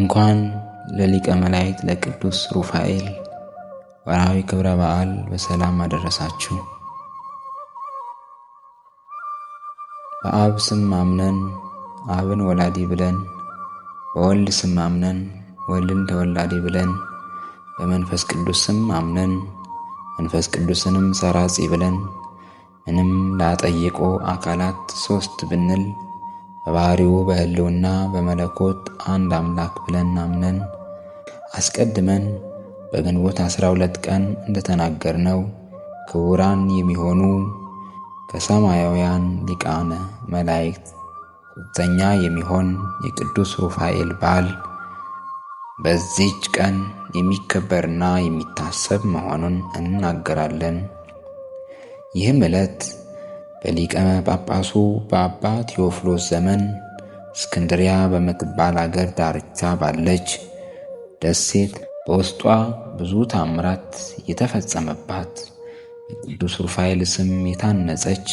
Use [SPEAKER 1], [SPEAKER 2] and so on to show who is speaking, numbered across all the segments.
[SPEAKER 1] እንኳን ለሊቀ መላእክት ለቅዱስ ሩፋኤል ወርሃዊ ክብረ በዓል በሰላም አደረሳችሁ። በአብ ስም አምነን አብን ወላዲ ብለን በወልድ ስም ማምነን ወልድን ተወላዲ ብለን በመንፈስ ቅዱስ ስም አምነን መንፈስ ቅዱስንም ሰራጺ ብለን ምንም ላጠይቆ አካላት ሶስት ብንል በባህሪው በህልውና በመለኮት አንድ አምላክ ብለን አምነን አስቀድመን በግንቦት 12 ቀን ቀን እንደተናገርነው ክቡራን የሚሆኑ ከሰማያውያን ሊቃነ መላእክት ቁጠኛ የሚሆን የቅዱስ ሩፋኤል በዓል በዚች ቀን የሚከበርና የሚታሰብ መሆኑን እንናገራለን። ይህም ዕለት በሊቀ ጳጳሱ በአባ ቴዎፍሎስ ዘመን እስክንድሪያ በምትባል አገር ዳርቻ ባለች ደሴት በውስጧ ብዙ ታምራት የተፈጸመባት በቅዱስ ሩፋኤል ስም የታነጸች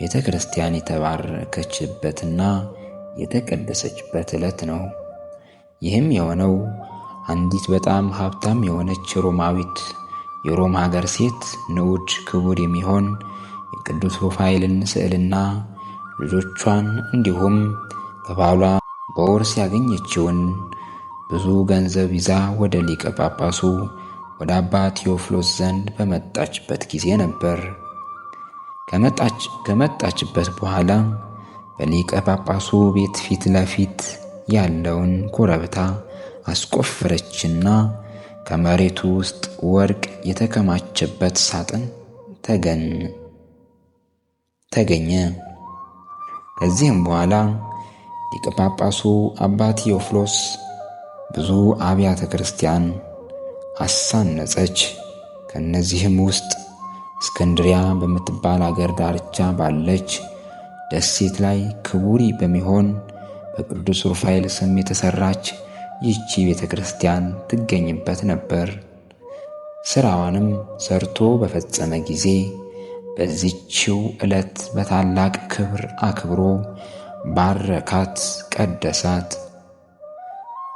[SPEAKER 1] ቤተ ክርስቲያን የተባረከችበትና የተቀደሰችበት ዕለት ነው። ይህም የሆነው አንዲት በጣም ሀብታም የሆነች ሮማዊት የሮም ሀገር ሴት ንዑድ ክቡር የሚሆን ቅዱስ ሩፋኤልን ስዕልና ልጆቿን እንዲሁም ከባሏ በውርስ ያገኘችውን ብዙ ገንዘብ ይዛ ወደ ሊቀ ጳጳሱ ወደ አባ ቴዎፍሎስ ዘንድ በመጣችበት ጊዜ ነበር። ከመጣችበት በኋላ በሊቀ ጳጳሱ ቤት ፊት ለፊት ያለውን ኮረብታ አስቆፈረችና ከመሬቱ ውስጥ ወርቅ የተከማቸበት ሳጥን ተገን ተገኘ። ከዚህም በኋላ ሊቀ ጳጳሱ አባ ቴዎፍሎስ ብዙ አብያተ ክርስቲያን አሳነጸች። ከእነዚህም ውስጥ እስክንድሪያ በምትባል አገር ዳርቻ ባለች ደሴት ላይ ክቡሪ በሚሆን በቅዱስ ሩፋኤል ስም የተሰራች ይህቺ ቤተ ክርስቲያን ትገኝበት ነበር። ስራዋንም ሰርቶ በፈጸመ ጊዜ በዚችው ዕለት በታላቅ ክብር አክብሮ ባረካት፣ ቀደሳት።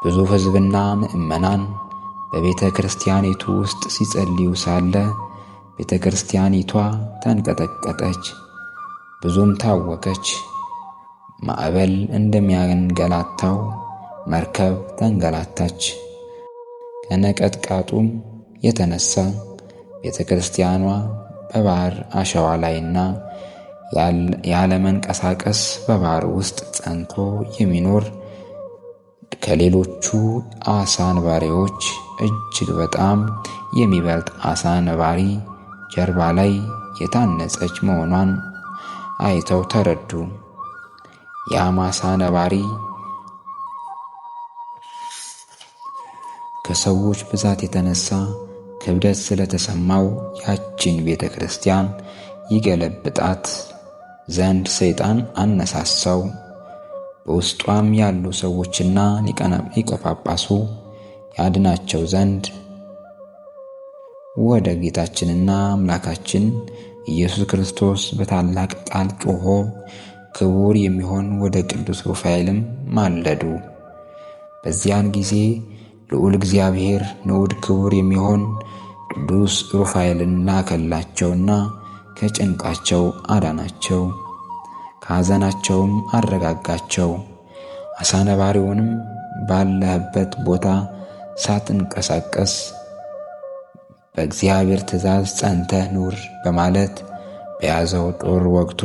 [SPEAKER 1] ብዙ ሕዝብና ምዕመናን በቤተ ክርስቲያኒቱ ውስጥ ሲጸልዩ ሳለ ቤተ ክርስቲያኒቷ ተንቀጠቀጠች፣ ብዙም ታወከች። ማዕበል እንደሚያንገላታው መርከብ ተንገላታች። ከነቀጥቃጡም የተነሳ ቤተ ክርስቲያኗ በባህር አሸዋ ላይና ያለመንቀሳቀስ በባህር ውስጥ ጸንቶ የሚኖር ከሌሎቹ አሳ ነባሪዎች እጅግ በጣም የሚበልጥ አሳ ነባሪ ጀርባ ላይ የታነጸች መሆኗን አይተው ተረዱ። ያም አሳ ነባሪ ከሰዎች ብዛት የተነሳ ክብደት ስለተሰማው ያችን ቤተ ክርስቲያን ይገለብጣት ዘንድ ሰይጣን አነሳሳው። በውስጧም ያሉ ሰዎችና ሊቀ ጳጳሱ ያድናቸው ዘንድ ወደ ጌታችንና አምላካችን ኢየሱስ ክርስቶስ በታላቅ ቃል ጮሆ ክቡር የሚሆን ወደ ቅዱስ ሩፋኤልም ማለዱ። በዚያን ጊዜ ልዑል እግዚአብሔር ንዑድ ክቡር የሚሆን ቅዱስ ሩፋኤልን ላከላቸውና ከጭንቃቸው አዳናቸው፣ ከሐዘናቸውም አረጋጋቸው። አሳነባሪውንም ባለህበት ቦታ ሳትንቀሳቀስ በእግዚአብሔር ትእዛዝ ጸንተህ ኑር በማለት በያዘው ጦር ወግቶ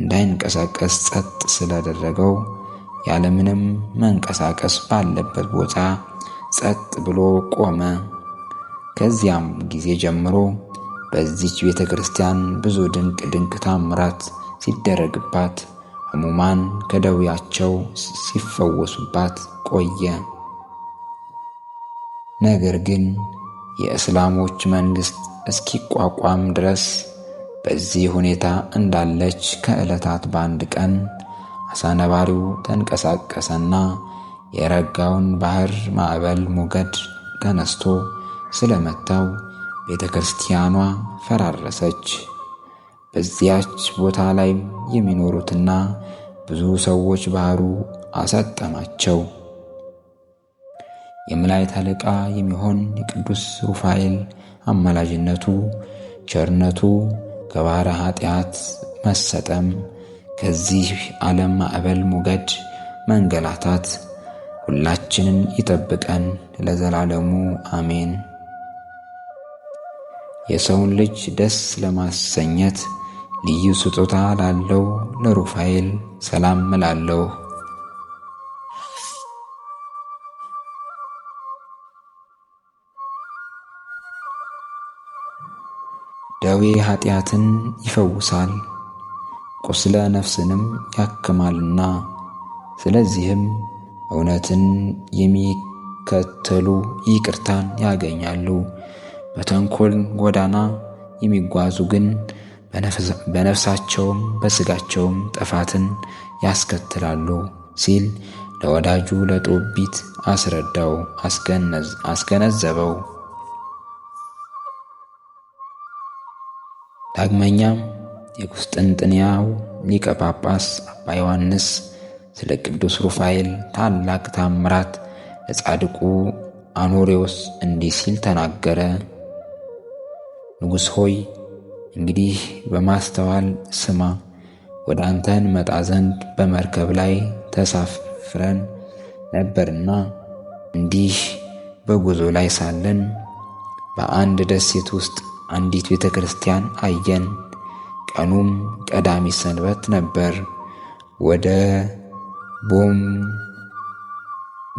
[SPEAKER 1] እንዳይንቀሳቀስ ጸጥ ስላደረገው ያለምንም መንቀሳቀስ ባለበት ቦታ ጸጥ ብሎ ቆመ። ከዚያም ጊዜ ጀምሮ በዚች ቤተ ክርስቲያን ብዙ ድንቅ ድንቅ ታምራት ሲደረግባት ሕሙማን ከደዌያቸው ሲፈወሱባት ቆየ። ነገር ግን የእስላሞች መንግሥት እስኪቋቋም ድረስ በዚህ ሁኔታ እንዳለች ከዕለታት በአንድ ቀን አሳነባሪው ተንቀሳቀሰና የረጋውን ባህር ማዕበል ሞገድ ተነስቶ ስለመታው ቤተ ክርስቲያኗ ፈራረሰች። በዚያች ቦታ ላይ የሚኖሩትና ብዙ ሰዎች ባህሩ አሰጠማቸው። የመላእክት አለቃ የሚሆን የቅዱስ ሩፋኤል አማላጅነቱ፣ ቸርነቱ ከባሕረ ኃጢአት መሰጠም፣ ከዚህ ዓለም ማዕበል ሞገድ መንገላታት ሁላችንን ይጠብቀን ለዘላለሙ አሜን። የሰውን ልጅ ደስ ለማሰኘት ልዩ ስጦታ ላለው ለሩፋኤል ሰላም እላለሁ። ደዌ ኃጢአትን ይፈውሳል ቁስለ ነፍስንም ያክማልና። ስለዚህም እውነትን የሚከተሉ ይቅርታን ያገኛሉ። በተንኮል ጎዳና የሚጓዙ ግን በነፍሳቸውም በስጋቸውም ጥፋትን ያስከትላሉ ሲል ለወዳጁ ለጦቢት አስረዳው አስገነዘበው። ዳግመኛም የቁስጥንጥንያው ሊቀ ጳጳስ አባ ዮሐንስ ስለ ቅዱስ ሩፋኤል ታላቅ ታምራት ለጻድቁ አኖሬዎስ እንዲህ ሲል ተናገረ። ንጉሥ ሆይ እንግዲህ በማስተዋል ስማ፣ ወደ አንተ እንመጣ ዘንድ በመርከብ ላይ ተሳፍረን ነበርና እንዲህ በጉዞ ላይ ሳለን በአንድ ደሴት ውስጥ አንዲት ቤተ ክርስቲያን አየን። ቀኑም ቀዳሚ ሰንበት ነበር። ወደ ቦም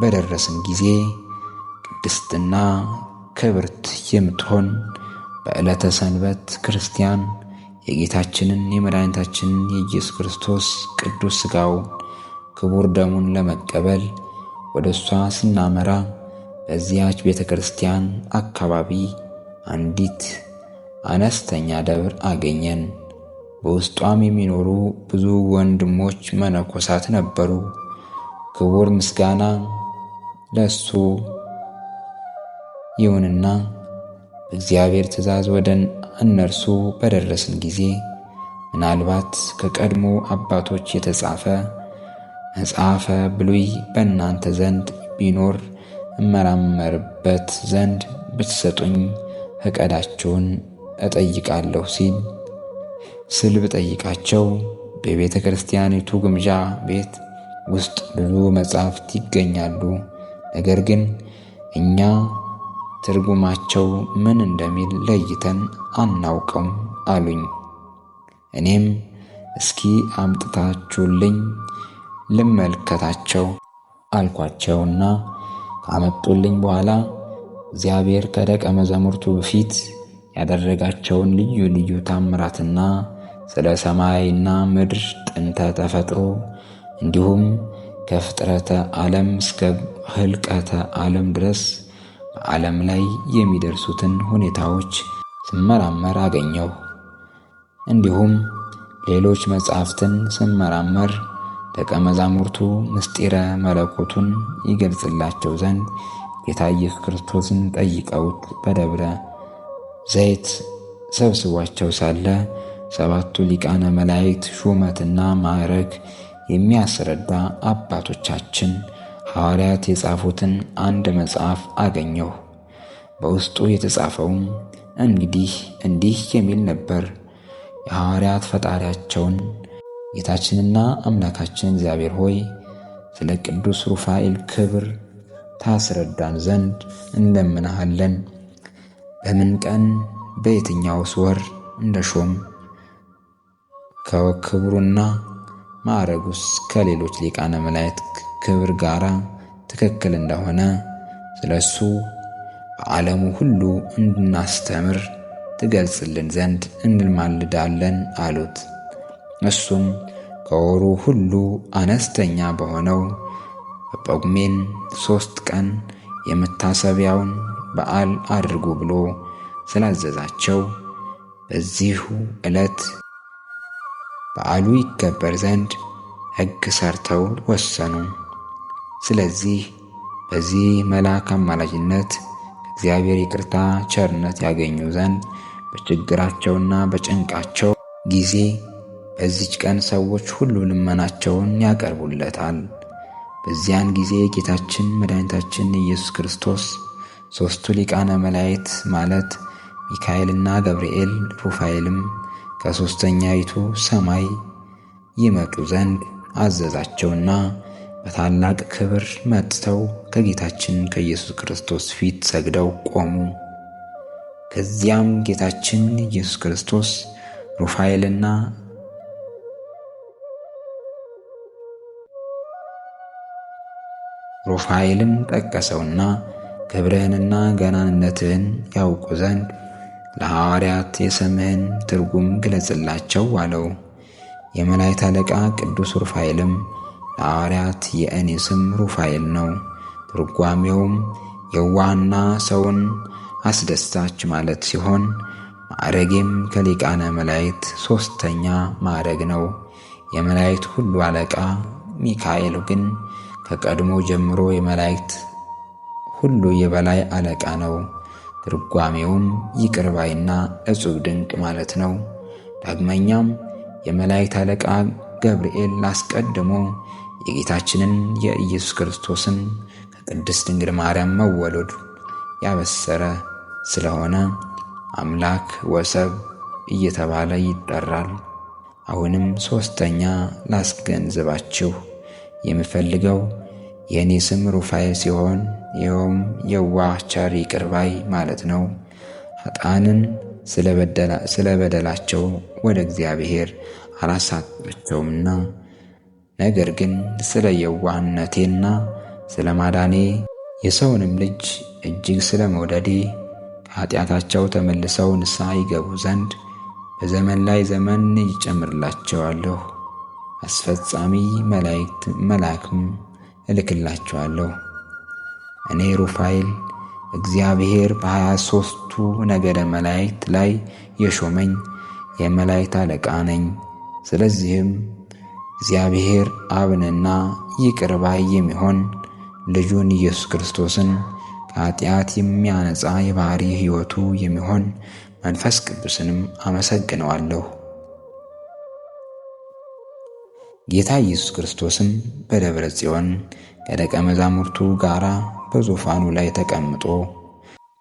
[SPEAKER 1] በደረስን ጊዜ ቅድስትና ክብርት የምትሆን በዕለተ ሰንበት ክርስቲያን የጌታችንን የመድኃኒታችንን የኢየሱስ ክርስቶስ ቅዱስ ሥጋውን ክቡር ደሙን ለመቀበል ወደ እሷ ስናመራ በዚያች ቤተ ክርስቲያን አካባቢ አንዲት አነስተኛ ደብር አገኘን። በውስጧም የሚኖሩ ብዙ ወንድሞች መነኮሳት ነበሩ። ክቡር ምስጋና ለእሱ ይሁንና እግዚአብሔር ትእዛዝ ወደ እነርሱ በደረስን ጊዜ ምናልባት ከቀድሞ አባቶች የተጻፈ መጽሐፈ ብሉይ በእናንተ ዘንድ ቢኖር እመራመርበት ዘንድ ብትሰጡኝ ፈቃዳችሁን እጠይቃለሁ ሲል ስል ብጠይቃቸው በቤተ ክርስቲያኒቱ ግምዣ ቤት ውስጥ ብዙ መጽሐፍት ይገኛሉ። ነገር ግን እኛ ትርጉማቸው ምን እንደሚል ለይተን አናውቅም አሉኝ። እኔም እስኪ አምጥታችሁልኝ ልመልከታቸው አልኳቸውና ካመጡልኝ በኋላ እግዚአብሔር ከደቀ መዛሙርቱ በፊት ያደረጋቸውን ልዩ ልዩ ታምራትና ስለ ሰማይና ምድር ጥንተ ተፈጥሮ እንዲሁም ከፍጥረተ ዓለም እስከ ህልቀተ ዓለም ድረስ ዓለም ላይ የሚደርሱትን ሁኔታዎች ስመራመር አገኘው። እንዲሁም ሌሎች መጻሕፍትን ስመራመር ደቀ መዛሙርቱ ምስጢረ መለኮቱን ይገልጽላቸው ዘንድ ጌታ ኢየሱስ ክርስቶስን ጠይቀውት በደብረ ዘይት ሰብስቧቸው ሳለ ሰባቱ ሊቃነ መላእክት ሹመትና ማዕረግ የሚያስረዳ አባቶቻችን ሐዋርያት የጻፉትን አንድ መጽሐፍ አገኘሁ። በውስጡ የተጻፈውም እንግዲህ እንዲህ የሚል ነበር። የሐዋርያት ፈጣሪያቸውን ጌታችንና አምላካችን እግዚአብሔር ሆይ ስለ ቅዱስ ሩፋኤል ክብር ታስረዳን ዘንድ እንለምንሃለን። በምን ቀን በየትኛውስ ወር እንደሾም ከክብሩና ማዕረጉስ ከሌሎች ሊቃነ መላእክት ክብር ጋራ ትክክል እንደሆነ ስለ እሱ በዓለሙ ሁሉ እንድናስተምር ትገልጽልን ዘንድ እንማልዳለን አሉት። እሱም ከወሩ ሁሉ አነስተኛ በሆነው በጳጉሜን ሦስት ቀን የመታሰቢያውን በዓል አድርጉ ብሎ ስላዘዛቸው በዚሁ ዕለት በዓሉ ይከበር ዘንድ ሕግ ሰርተው ወሰኑ። ስለዚህ በዚህ መልአክ አማላጅነት እግዚአብሔር ይቅርታ ቸርነት ያገኙ ዘንድ በችግራቸውና በጭንቃቸው ጊዜ በዚች ቀን ሰዎች ሁሉ ልመናቸውን ያቀርቡለታል። በዚያን ጊዜ ጌታችን መድኃኒታችን ኢየሱስ ክርስቶስ ሦስቱ ሊቃነ መላእክት ማለት ሚካኤልና ገብርኤል ሩፋኤልም ከሦስተኛይቱ ሰማይ ይመጡ ዘንድ አዘዛቸውና በታላቅ ክብር መጥተው ከጌታችን ከኢየሱስ ክርስቶስ ፊት ሰግደው ቆሙ። ከዚያም ጌታችን ኢየሱስ ክርስቶስ ሩፋኤልና ሩፋኤልን ጠቀሰውና ክብርህንና ገናንነትህን ያውቁ ዘንድ ለሐዋርያት የስምህን ትርጉም ግለጽላቸው አለው። የመላእክት አለቃ ቅዱስ ሩፋኤልም ለሐዋርያት የእኔ ስም ሩፋኤል ነው። ትርጓሜውም የዋህና ሰውን አስደሳች ማለት ሲሆን ማዕረጌም ከሊቃነ መላእክት ሦስተኛ ማዕረግ ነው። የመላእክት ሁሉ አለቃ ሚካኤል ግን ከቀድሞ ጀምሮ የመላእክት ሁሉ የበላይ አለቃ ነው። ትርጓሜውም ይቅርባይና እጹብ ድንቅ ማለት ነው። ዳግመኛም የመላእክት አለቃ ገብርኤል አስቀድሞ የጌታችንን የኢየሱስ ክርስቶስን ከቅድስት ድንግል ማርያም መወለዱ ያበሰረ ስለሆነ አምላክ ወሰብ እየተባለ ይጠራል። አሁንም ሦስተኛ ላስገንዝባችሁ የምፈልገው የእኔ ስም ሩፋኤል ሲሆን ይኸውም የዋህ፣ ቸር፣ ቅርባይ ማለት ነው። ኃጥአንን ስለ በደላቸው ወደ እግዚአብሔር አላሳጣቸውምና ነገር ግን ስለ የዋህነቴና ስለ ማዳኔ የሰውንም ልጅ እጅግ ስለ መውደዴ ከኃጢአታቸው ተመልሰው ንስሐ ይገቡ ዘንድ በዘመን ላይ ዘመን ይጨምርላቸዋለሁ። አስፈጻሚ መላእክት መልአክም እልክላቸዋለሁ። እኔ ሩፋኤል እግዚአብሔር በሀያ ሦስቱ ነገደ መላእክት ላይ የሾመኝ የመላእክት አለቃ ነኝ። ስለዚህም እግዚአብሔር አብንና ይቅር ባይ የሚሆን ልጁን ኢየሱስ ክርስቶስን ከኃጢአት የሚያነጻ የባሕሪ ሕይወቱ የሚሆን መንፈስ ቅዱስንም አመሰግነዋለሁ። ጌታ ኢየሱስ ክርስቶስም በደብረ ጽዮን ከደቀ መዛሙርቱ ጋር በዙፋኑ ላይ ተቀምጦ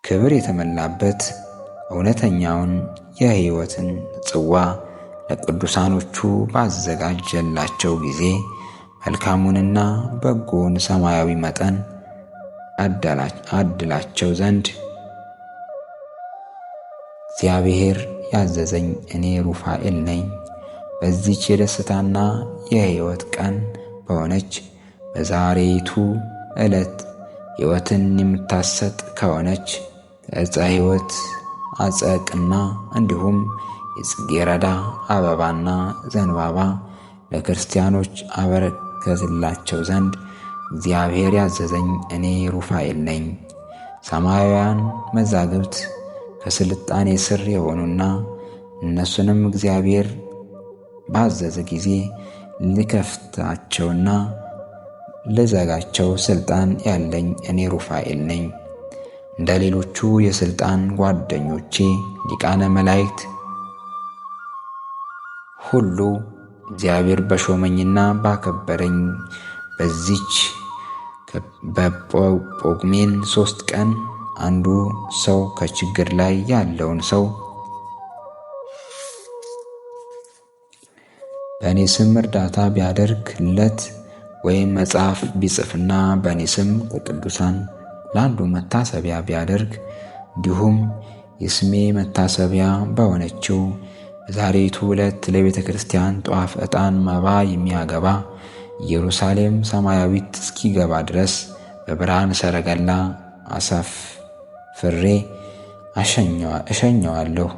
[SPEAKER 1] ክብር የተመላበት እውነተኛውን የሕይወትን ጽዋ ለቅዱሳኖቹ ባዘጋጀላቸው ጊዜ መልካሙንና በጎውን ሰማያዊ መጠን አድላቸው ዘንድ እግዚአብሔር ያዘዘኝ እኔ ሩፋኤል ነኝ። በዚች የደስታና የሕይወት ቀን በሆነች በዛሬቱ ዕለት ሕይወትን የምታሰጥ ከሆነች ዕፀ ሕይወት አጸቅና እንዲሁም የጽጌረዳ አበባና ዘንባባ ለክርስቲያኖች አበረከዝላቸው ዘንድ እግዚአብሔር ያዘዘኝ እኔ ሩፋኤል ነኝ። ሰማያውያን መዛግብት ከስልጣኔ ስር የሆኑና እነሱንም እግዚአብሔር ባዘዘ ጊዜ ልከፍታቸውና ልዘጋቸው ስልጣን ያለኝ እኔ ሩፋኤል ነኝ። እንደ ሌሎቹ የስልጣን ጓደኞቼ ሊቃነ መላእክት ሁሉ እግዚአብሔር በሾመኝና ባከበረኝ በዚች በጳጉሜን ሶስት ቀን አንዱ ሰው ከችግር ላይ ያለውን ሰው በእኔ ስም እርዳታ ቢያደርግለት ወይም መጽሐፍ ቢጽፍና በእኔ ስም ከቅዱሳን ለአንዱ መታሰቢያ ቢያደርግ እንዲሁም የስሜ መታሰቢያ በሆነችው በዛሬቱ ዕለት ለቤተ ክርስቲያን ጧፍ ዕጣን መባ የሚያገባ ኢየሩሳሌም ሰማያዊት እስኪገባ ድረስ በብርሃን ሰረገላ አሳፍሬ እሸኘዋለሁ።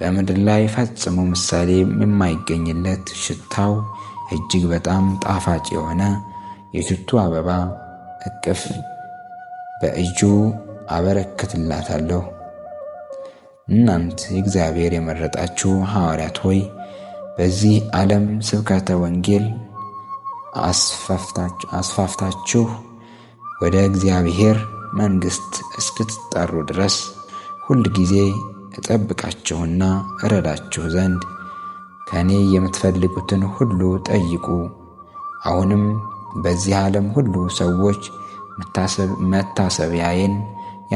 [SPEAKER 1] በምድር ላይ ፈጽሞ ምሳሌ የማይገኝለት ሽታው እጅግ በጣም ጣፋጭ የሆነ የሽቱ አበባ እቅፍ በእጁ አበረክትላታለሁ። እናንት እግዚአብሔር የመረጣችሁ ሐዋርያት ሆይ በዚህ ዓለም ስብከተ ወንጌል አስፋፍታችሁ ወደ እግዚአብሔር መንግሥት እስክትጠሩ ድረስ ሁል ጊዜ እጠብቃችሁና እረዳችሁ ዘንድ ከእኔ የምትፈልጉትን ሁሉ ጠይቁ። አሁንም በዚህ ዓለም ሁሉ ሰዎች መታሰቢያዬን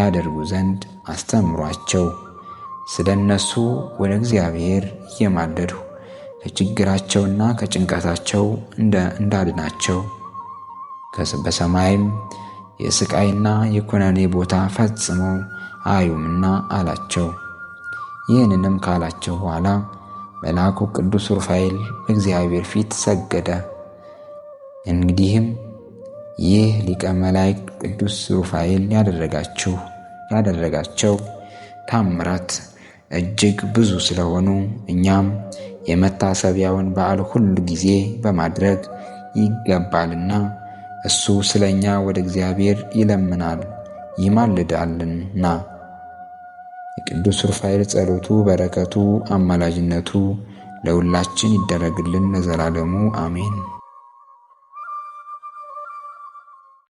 [SPEAKER 1] ያደርጉ ዘንድ አስተምሯቸው። ስለ እነሱ ወደ እግዚአብሔር እየማለድሁ ከችግራቸውና ከጭንቀታቸው እንዳድናቸው በሰማይም የስቃይና የኩነኔ ቦታ ፈጽመው አዩምና አላቸው። ይህንንም ካላቸው በኋላ መልአኩ ቅዱስ ሩፋኤል በእግዚአብሔር ፊት ሰገደ። እንግዲህም ይህ ሊቀ መላእክት ቅዱስ ሩፋኤል ያደረጋችሁ ያደረጋቸው ታምራት እጅግ ብዙ ስለሆኑ እኛም የመታሰቢያውን በዓል ሁሉ ጊዜ በማድረግ ይገባልና እሱ ስለ እኛ ወደ እግዚአብሔር ይለምናል ይማልዳልና። የቅዱስ ሩፋኤል ጸሎቱ፣ በረከቱ፣ አማላጅነቱ ለሁላችን ይደረግልን ለዘላለሙ አሜን።